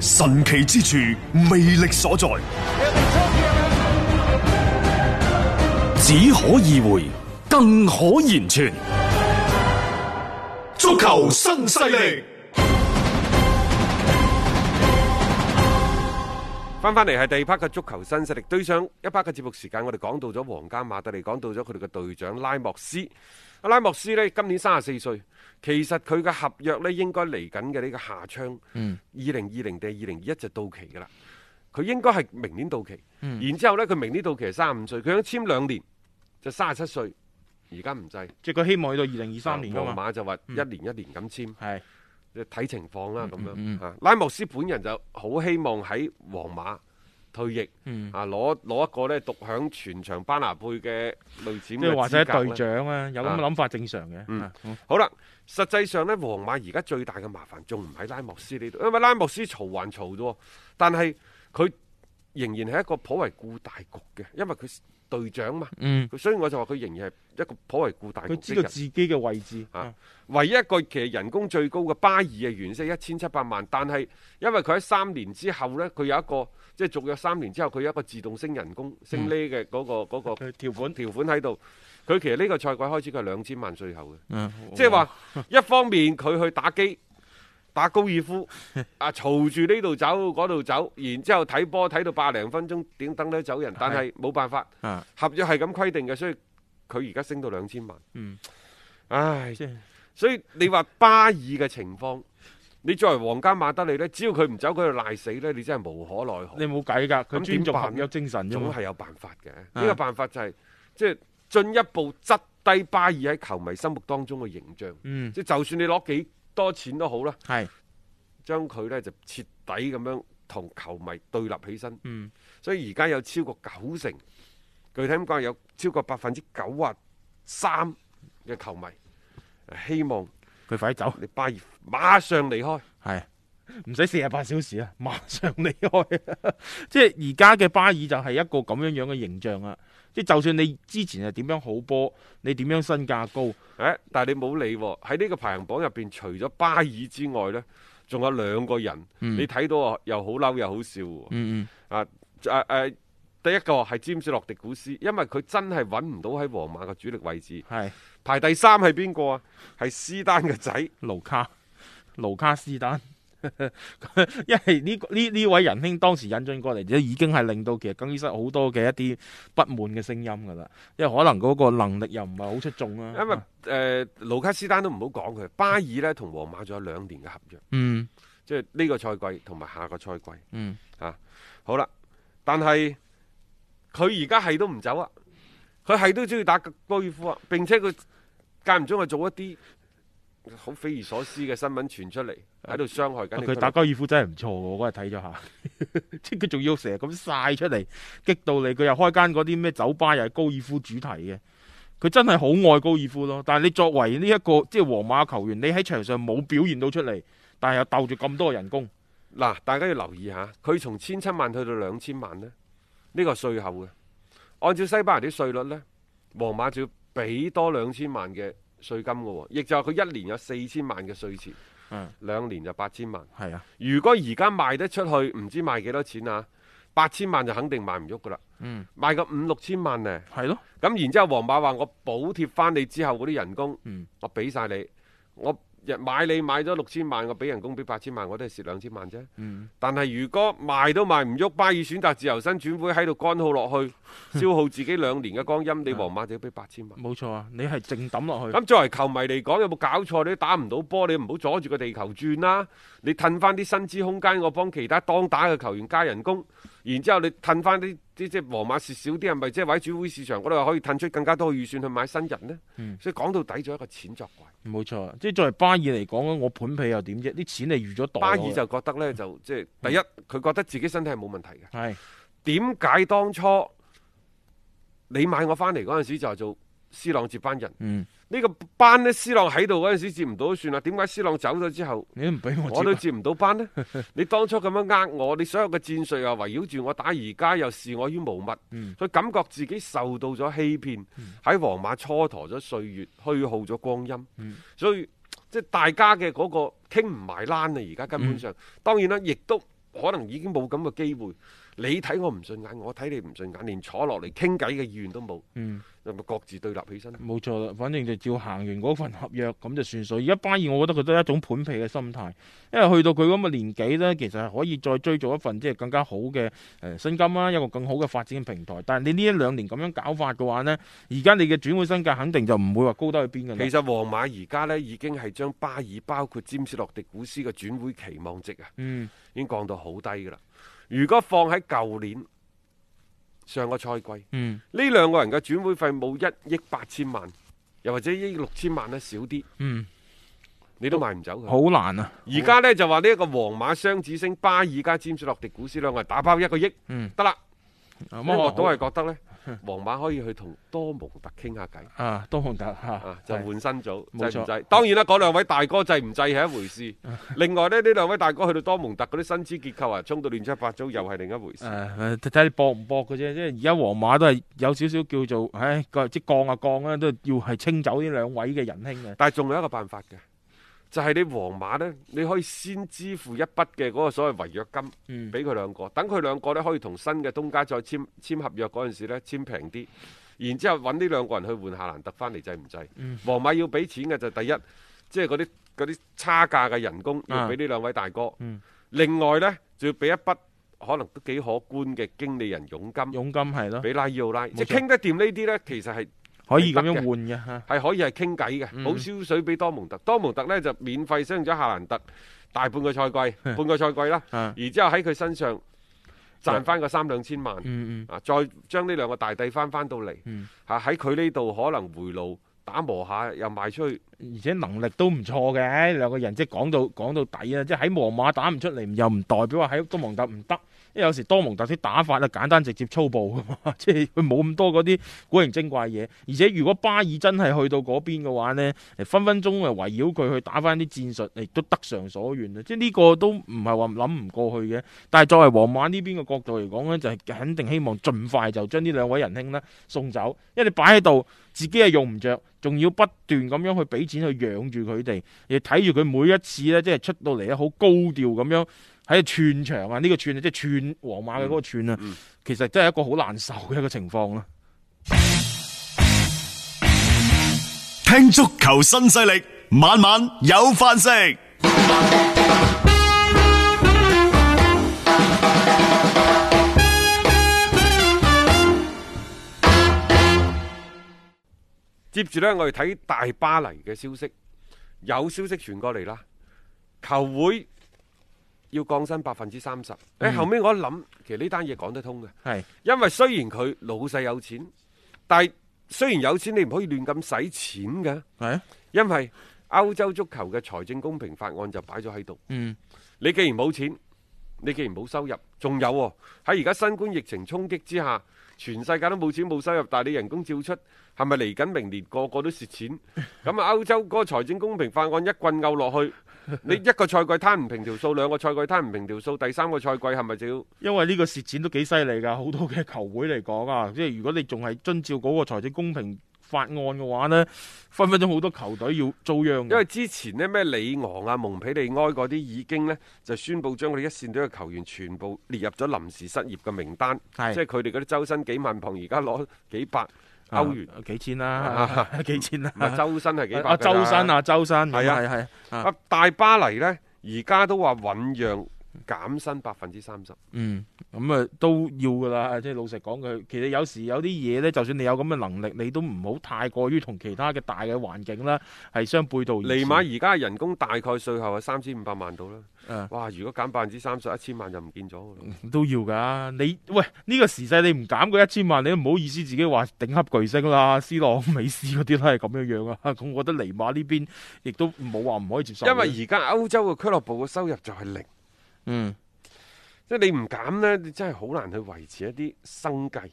神奇之處，魅力所在，只可意會，更可言傳。足球新勢力，翻翻嚟係第二 part 嘅足球新勢力，對上一 part 嘅節目時間，我哋講到咗皇家馬德利，講到咗佢哋嘅隊長拉莫斯。阿拉莫斯呢，今年三十四歲。其實佢嘅合約咧應該嚟緊嘅呢個下窗，二零二零定二零二一就到期噶啦。佢應該係明年到期，嗯、然之後咧佢明年到期係三十五歲，佢想簽兩年就三十七歲，而家唔制。即係佢希望去到二零二三年啊，皇馬就話一年一年咁簽，係睇、嗯、是情況啦咁樣嚇、嗯嗯嗯啊。拉莫斯本人就好希望喺皇馬。退役啊！攞攞一個咧，獨享全場班拿貝嘅類似，咩係或者隊長啊，有咁嘅諗法正常嘅、啊。嗯，嗯好啦，實際上咧，皇馬而家最大嘅麻煩仲唔喺拉莫斯呢度，因為拉莫斯嘈還嘈啫，但係佢仍然係一個頗為顧大局嘅，因為佢係隊長嘛。嗯，所以我就話佢仍然係一個頗為顧大局。佢知道自己嘅位置嚇、嗯啊，唯一一個其實人工最高嘅巴爾嘅原薪一千七百萬，但係因為佢喺三年之後咧，佢有一個。即係續約三年之後，佢有一個自動升人工升呢嘅嗰個嗰、嗯嗰個、條款條款喺度。佢其實呢個賽季開始佢係兩千萬稅後嘅，嗯、即係話、嗯、一方面佢去打機、打高爾夫啊，嘈住呢度走嗰度走，然之後睇波睇到百零分鐘點等得走人。但係冇辦法，啊、合約係咁規定嘅，所以佢而家升到兩千萬。嗯，唉，嗯、所以你話巴爾嘅情況，你作為皇家馬德里咧，只要佢唔走佢就賴死咧，你真係無可奈何。你冇計噶，咁點做奮勇精神，總係有辦法嘅。呢、啊、個辦法就係即係進一步質低巴爾喺球迷心目當中嘅形象。即、嗯、就算你攞幾多錢都好啦。係是，將佢呢就徹底咁樣同球迷對立起身。嗯，所以而家有超過九成，具體咁講有超過百分之九十三嘅球迷希望，佢快走，你巴爾馬上離開，係唔使四十八小時啦，馬上離開。 即係而家嘅巴爾就係一個咁樣樣嘅形象啊！即係就算你之前係點樣好波，你點樣身價高，誒、欸，但係你冇理喎、哦。喺呢個排行榜入邊，除咗巴爾之外呢，仲有兩個人，嗯、你睇到又好嬲又好笑。嗯嗯，啊，誒、啊、誒。啊第一個係詹士洛迪古斯，因為佢真係揾唔到喺皇馬嘅主力位置。係是排第三係邊個啊？係斯丹嘅仔盧卡盧卡斯丹， 因為呢呢位仁兄當時引進過嚟，已經係令到其實更衣室好多嘅一啲不滿嘅聲音噶啦。因為可能嗰個能力又唔係好出眾啦。因為誒盧卡斯丹都唔好講佢，巴爾呢同皇馬仲有兩年嘅合約。嗯，即係呢個賽季同埋下個賽季。嗯啊，好啦，但係。佢而家係都唔走啊！佢係都中意打高高爾夫啊，並且佢間唔中係做一啲好匪夷所思嘅新聞傳出嚟，喺度傷害緊佢。佢打高爾夫真係唔錯，我嗰日睇咗下，即係佢仲要成日咁晒出嚟，激到你。佢又開間嗰啲咩酒吧又係高爾夫主題嘅。佢真係好愛高爾夫咯。但係你作為呢一個即係皇馬球員，你喺場上冇表現到出嚟，但係又逗住咁多人工。嗱，大家要留意下，佢從千七萬去到兩千萬咧。呢個稅後嘅，按照西班牙啲稅率呢，皇馬要、哦、就要俾多兩千萬嘅稅金噶，亦就係佢一年有四千萬嘅稅錢，嗯，兩年就八千萬，係啊。如果而家賣得出去，唔知賣幾多錢啊？八千萬就肯定賣唔喐噶啦，嗯，賣個五六千萬呢。係咯。咁然之後皇馬話我補貼翻你之後嗰啲人工，嗯、我俾曬你，我。日買你買咗六千萬，我俾人工俾八千萬，我都係蝕兩千萬啫。嗯、但係如果賣都賣唔喐，巴爾選擇自由身轉會喺度乾耗落去， 消耗自己兩年嘅光陰，你皇馬就要俾八千萬。冇錯啊，你係淨抌落去。咁作為球迷嚟講，有冇搞錯？你打唔到波，你唔好阻住個地球轉啦，啊！你褪翻啲薪資空間，我幫其他當打嘅球員加人工。然之後你褪翻啲啲，即係皇馬蝕少啲，係咪即係喺主會市場嗰度可以褪出更加多嘅預算去買新人呢？嗯、所以講到底，就一個錢作怪。冇錯，即係作為巴爾嚟講咧，我盤皮又點啫？啲錢你預咗袋。巴爾就覺得咧，就即係第一，佢、嗯、覺得自己身體係冇問題嘅。係點解當初你買我翻嚟嗰陣時就做？C 朗接班人，呢、嗯、個班呢，C 朗喺度嗰陣時接唔到都算啦。點解 C 朗走咗之後，你唔俾我、啊，我都接唔到班呢？ 你當初咁樣呃我，你所有嘅戰術啊，圍繞住我打，而家又視我於無物，佢、嗯、感覺自己受到咗欺騙，喺、嗯、皇馬蹉跎咗歲月，虛耗咗光陰，嗯、所以即係大家嘅嗰、那個傾唔埋欄啊！而家根本上，嗯、當然啦，亦都可能已經冇咁嘅機會。你睇我唔順眼，我睇你唔順眼，連坐落嚟傾偈嘅意願都冇。嗯係咪各自對立起身，冇錯啦，反正就照行完嗰份合約咁就算數。而家巴爾，我覺得佢都係一種叛皮嘅心態，因為去到佢咁嘅年紀呢，其實係可以再追做一份即係更加好嘅誒薪金啦，一個更好嘅發展嘅平台。但係你呢一兩年咁樣搞法嘅話呢，而家你嘅轉會身價肯定就唔會話高得去邊嘅。其實皇馬而家呢，已經係將巴爾包括詹士洛迪古斯嘅轉會期望值啊，嗯，已經降到好低噶啦。如果放喺舊年，上個賽季，呢兩個人嘅轉會費冇，一億八千萬，又或者一億六千萬呢少啲，你都賣唔走佢。好難啊！而家呢就話呢一個皇馬雙子星巴爾加、詹士、洛迪古斯兩個人打包一個億，得啦。我都係覺得呢。皇馬可以去同多蒙特傾下偈，啊，多蒙特吓、啊啊，就換新組，冇錯、哎，制制當然啦，嗰兩位大哥制唔制係一回事。 另外咧，呢兩位大哥去到多蒙特嗰啲薪資結構啊，衝到亂七八糟，又係另一回事。誒、啊，睇你博唔博嘅啫，因為而家皇馬都係有少少叫做，唉、哎，即降啊降啦、啊，都要係清走呢兩位嘅仁兄嘅。但係仲有一個辦法嘅。就係你皇馬呢，你可以先支付一筆嘅嗰個所謂違約金，俾佢兩個，等佢兩個咧可以同新嘅東家再簽簽合約嗰陣時咧，簽平啲，然之後揾呢兩個人去換夏蘭特翻嚟，制唔制？准准嗯、皇馬要俾錢嘅就第一，即係嗰啲嗰啲差價嘅人工要俾呢兩位大哥，啊嗯、另外呢，仲要俾一筆可能都幾可觀嘅經理人佣金，佣金係咯，俾拉伊奧拉，錯即係傾得掂呢啲呢，其實係。可以咁樣換嘅，係可以係傾偈嘅，嗯、補少水俾多蒙特，多蒙特呢就免費使用咗夏蘭特大半個賽季，嗯、半個賽季啦，然、嗯嗯、之後喺佢身上賺翻個三兩千萬，啊、嗯，嗯、再將呢兩個大帝翻翻到嚟，嚇喺佢呢度可能回爐打磨下又賣出去，而且能力都唔錯嘅兩個人即講講，即係講到講到底啊，即係喺皇馬打唔出嚟又唔代表話喺多蒙特唔得。因為有時多蒙特啲打法咧，簡單直接粗暴嘅嘛，即係佢冇咁多嗰啲古靈精怪嘢。而且如果巴爾真係去到嗰邊嘅話呢，分分鐘啊，圍繞佢去打翻啲戰術，亦都得償所願啦。即係呢個都唔係話諗唔過去嘅。但係作為皇馬呢邊嘅角度嚟講呢，就係肯定希望盡快就將呢兩位仁兄呢送走，因為你擺喺度自己係用唔着，仲要不斷咁樣去俾錢去養住佢哋，亦睇住佢每一次呢，即係出到嚟咧，好高調咁樣。喺串場啊，呢、這個串即係、就是、串皇馬嘅嗰個串啊，嗯、其實真係一個好難受嘅一個情況咯。聽足球新勢力，晚晚有飯食。接住咧，我哋睇大巴黎嘅消息，有消息傳過嚟啦，球會，要降薪百分之三十，誒、哎，後尾我一諗，其實呢單嘢講得通嘅，係是因為雖然佢老細有錢，但係雖然有錢，你唔可以亂咁使錢㗎，係啊的，因為歐洲足球嘅財政公平法案就擺咗喺度，嗯，你既然冇錢。你既然冇收入，仲有喎、哦？喺而家新冠疫情衝擊之下，全世界都冇錢冇收入，但係你人工照出，係咪嚟緊明年個個都蝕錢？咁啊，歐洲嗰個財政公平法案一棍拗落去，你一個賽季攤唔平條數，兩個賽季攤唔平條數，第三個賽季係咪就要？因為呢個蝕錢都幾犀利噶，好多嘅球會嚟講啊，即係如果你仲係遵照嗰個財政公平。法案嘅話呢，分分鐘好多球隊要遭殃。因為之前呢，咩里昂啊、蒙彼利埃嗰啲已經呢，就宣佈將佢哋一線隊嘅球員全部列入咗臨時失業嘅名單，是即係佢哋嗰啲周薪幾萬鎊，而家攞幾百歐元，幾千啦，幾千啦、啊啊啊啊。周薪係幾百？啊，周薪啊，周薪。係啊係啊，啊，啊大巴黎呢，而家都話醞釀。減薪百分之三十，嗯，咁啊都要噶啦，即係老實講佢，其實有時有啲嘢咧，就算你有咁嘅能力，你都唔好太過於同其他嘅大嘅環境啦係相背道而馳。尼馬而家人工大概稅後係三千五百萬到啦，哇、嗯，如果減百分之三十，一千萬就唔見咗、嗯，都要噶，你喂呢、呢個時勢你唔減個一千萬，你都唔好意思自己話頂級巨星啦 C 羅、美斯嗰啲都係咁樣樣啊，咁 我覺得尼馬呢邊亦都冇話唔可以接受，因為而家歐洲嘅俱樂部嘅收入就係零。嗯，即係你唔減呢，你真係好難去維持一啲生計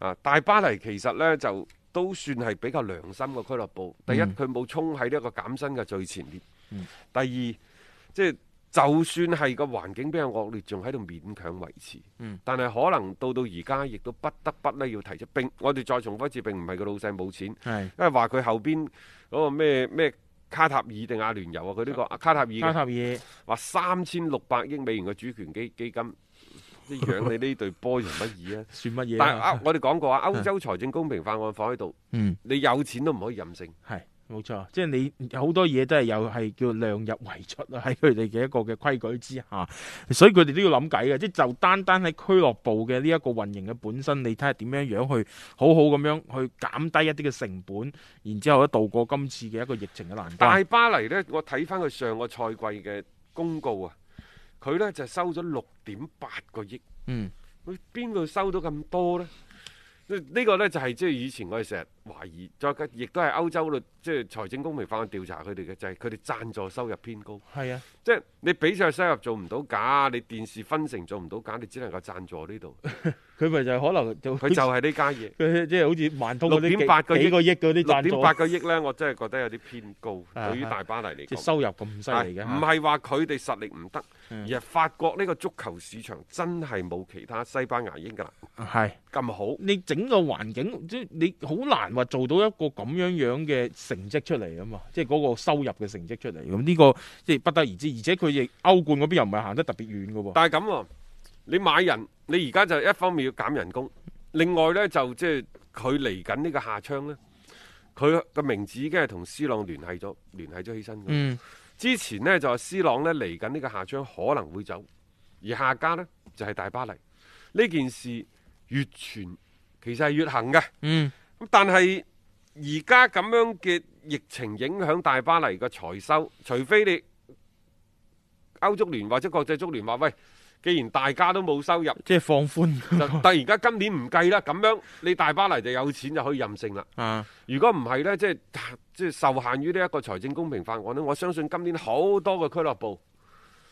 啊！大巴黎其實呢，就都算係比較良心嘅俱樂部。第一，佢冇衝喺呢一個減薪嘅最前列。嗯。第二，即係就算係個環境比較惡劣，仲喺度勉強維持。嗯。但係可能到到而家，亦都不得不呢要提出並。我哋再重複一次，並唔係個老細冇錢。是因為話佢後邊嗰個咩咩。卡塔爾定阿聯酋啊，佢呢、個卡塔爾嘅話三千六百億美元嘅主權基基金，即養你呢隊波仲乜嘢啊？算乜嘢？但係歐，我哋講過啊，歐洲財政公平法案放喺度，嗯，你有錢都唔可以任性。係。冇錯，即係你好多嘢都係又係叫量入為出啊，喺佢哋嘅一個嘅規矩之下，所以佢哋都要諗計嘅。即就單單喺俱樂部嘅呢一個運營嘅本身，你睇下點樣樣去好好咁樣去減低一啲嘅成本，然之後咧度過今次嘅一個疫情嘅難關。大巴黎呢，我睇翻佢上個賽季嘅公告啊，佢呢就收咗六點八個億。嗯，佢邊個收到咁多呢？呢個呢就係即係以前我哋成日。懷疑，再加亦都係歐洲律，即係財政公平法案調查佢哋嘅，就係佢哋贊助收入偏高。係啊，即係你比賽收入做唔到假，你電視分成做唔到假，你只能夠贊助呢度。佢咪 就係可能佢就係呢家嘢。即係好似萬通六點八個幾個億嗰啲，六點八個億咧，我真係覺得有啲偏高，對於大巴黎嚟講。即收入咁犀利嘅，唔係話佢哋實力唔得，的而係法國呢個足球市場真係冇其他西班牙英格蘭係咁好，你整個環境即你好難。話做到一個咁樣樣嘅成績出嚟啊嘛，即係嗰個收入嘅成績出嚟咁，呢個即係不得而知，而且佢亦歐冠嗰邊又唔係行得特別遠噶喎。但係咁、啊，你買人，你而家就一方面要減人工，另外咧就即係佢嚟緊呢個夏窗咧，佢個名字已經係同斯朗聯繫咗，聯繫咗起身。嗯，之前咧就話斯朗咧嚟緊呢個夏窗可能會走，而下家咧就係、是、大巴黎。呢件事越傳其實係越行嘅。嗯。咁但係而家咁樣嘅疫情影響大巴黎嘅財收，除非你歐足聯或者國際足聯話喂，既然大家都冇收入，即係放寬，突然間而家今年唔計啦，咁 樣你大巴黎就有錢就可以任性啦。啊， 如果唔係咧，即係即係受限於呢一個財政公平法案咧，我相信今年好多嘅俱樂部，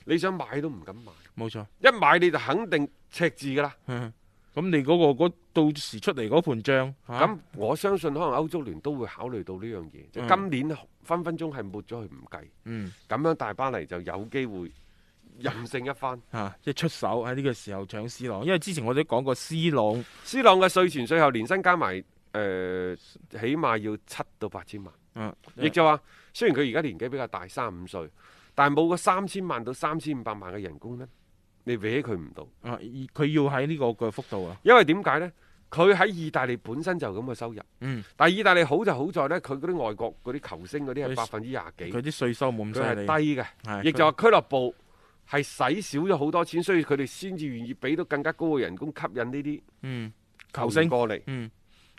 你想買都唔敢買。冇錯錯，一買你就肯定赤字噶啦。 咁你嗰、嗰個到時出嚟嗰盤帳，咁、啊、我相信可能歐足聯都會考慮到呢樣嘢。就是、今年分分鐘係抹咗佢唔計，嗯，咁樣大巴黎就有機會任性一番，嚇、啊，一、啊、出手喺呢個時候搶 C 朗，on, 因為之前我哋講過 C 朗，C 朗嘅稅前稅後年薪加埋誒、呃，起碼要七到八千萬，啊、嗯，亦就話雖然佢而家年紀比較大三五歲，但係冇個三千萬到三千五百萬嘅人工咧。你俾佢唔到，佢、啊、要喺呢、呢個、呢個幅度啊。因為點解咧？佢喺意大利本身就咁嘅收入。嗯。但係意大利好就好在咧，佢嗰啲外國嗰啲球星嗰啲係百分之廿幾，佢啲稅收冇咁犀利，低嘅。亦是就話俱樂部係使少咗好多錢，所以佢哋先至願意俾到更加高嘅人工吸引呢啲球星過嚟。嗯。球星過嚟。嗯。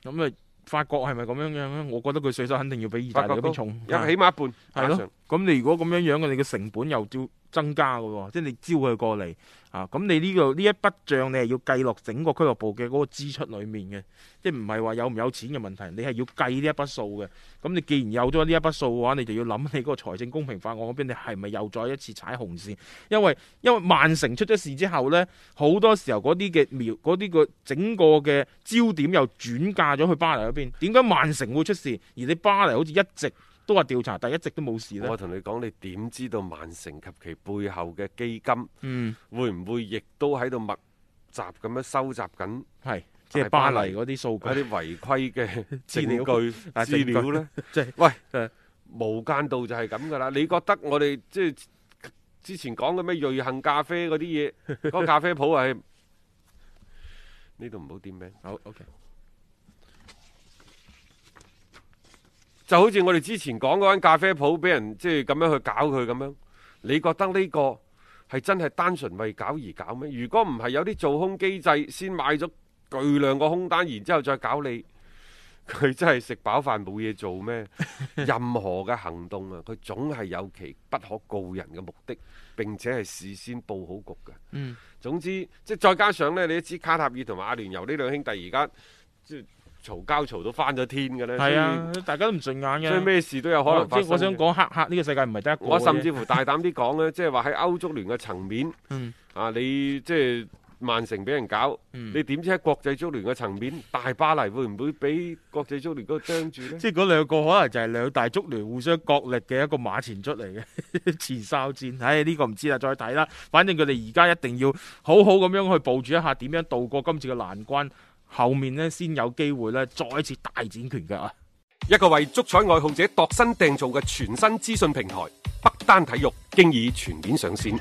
咁啊，法國係咪咁樣樣咧？我覺得佢稅收肯定要比意大利嗰邊重，起碼一半。係咯。咁你如果咁樣樣嘅，你嘅成本又要增加嘅喎，即係你招佢過嚟啊！咁你呢個呢一筆帳，你係要計落整個俱樂部嘅嗰個支出裡面嘅，即係唔係話有唔有錢嘅問題，你係要計呢一筆數嘅。咁你既然有咗呢一筆數嘅話，你就要諗你嗰個財政公平法案嗰邊，你係咪又再一次踩紅線？因為因為曼城出咗事之後呢，好多時候嗰啲嘅苗嗰啲個整個嘅焦點又轉嫁咗去巴黎嗰邊。點解曼城會出事，而你巴黎好似一直？都話調查，但一直都冇事咧。我同你講，你點知道曼城及其背後嘅基金、嗯、會唔會亦都喺度密集咁樣收集緊？係即係巴黎嗰啲數據、嗰啲違規嘅證據資料咧？即係喂， 就係、無間道就係咁噶啦！你覺得我哋即係之前講嘅咩瑞幸咖啡嗰啲嘢，嗰 個咖啡鋪，係呢度唔好點名？好 OK。就好似我哋之前講嗰間咖啡鋪，俾人即係咁樣去搞佢咁樣，你覺得呢個係真係單純為搞而搞咩？如果唔係有啲做空機制先買咗巨量個空單，然之後再搞你，佢真係食飽飯冇嘢做咩？任何嘅行動啊，佢總係有其不可告人嘅目的，並且係事先佈好局嘅。嗯，總之即係再加上呢，你一知卡塔爾同埋阿聯酋呢兩兄弟而家即嘈交嘈到翻咗天嘅咧，係啊，以大家都唔順眼嘅。所以咩事都有可能發生。即係我想講黑客呢個世界唔係得一個。我甚至乎大膽啲講咧，即係話喺歐足聯嘅層面，嗯，啊，你即係曼城俾人搞，嗯、你點知喺國際足聯嘅層面，大巴黎會唔會俾國際足聯嗰個張住咧？即係嗰兩個可能就係兩大足聯互相角力嘅一個馬前出嚟嘅 前哨戰。唉、哎，呢、呢個唔知啦，再睇啦。反正佢哋而家一定要好好咁樣去部署一下，點樣度過今次嘅難關。後面咧先有機會咧再次大展拳腳啊！一個為足彩愛好者度身訂造嘅全新資訊平台北單體育，經已全面上線。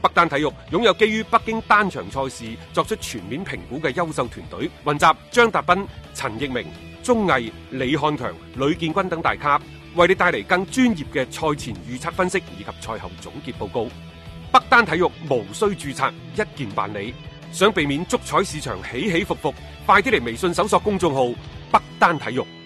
北單體育擁有基於北京單場賽事作出全面評估嘅優秀團隊，雲集張達斌、陳奕明、鍾毅、李漢強、呂建軍等大咖，為你帶嚟更專業嘅賽前預測分析以及賽後總結報告。北單體育無需註冊，一鍵辦理。想避免足彩市場起起伏伏，快啲嚟微信搜索公眾號北單體育。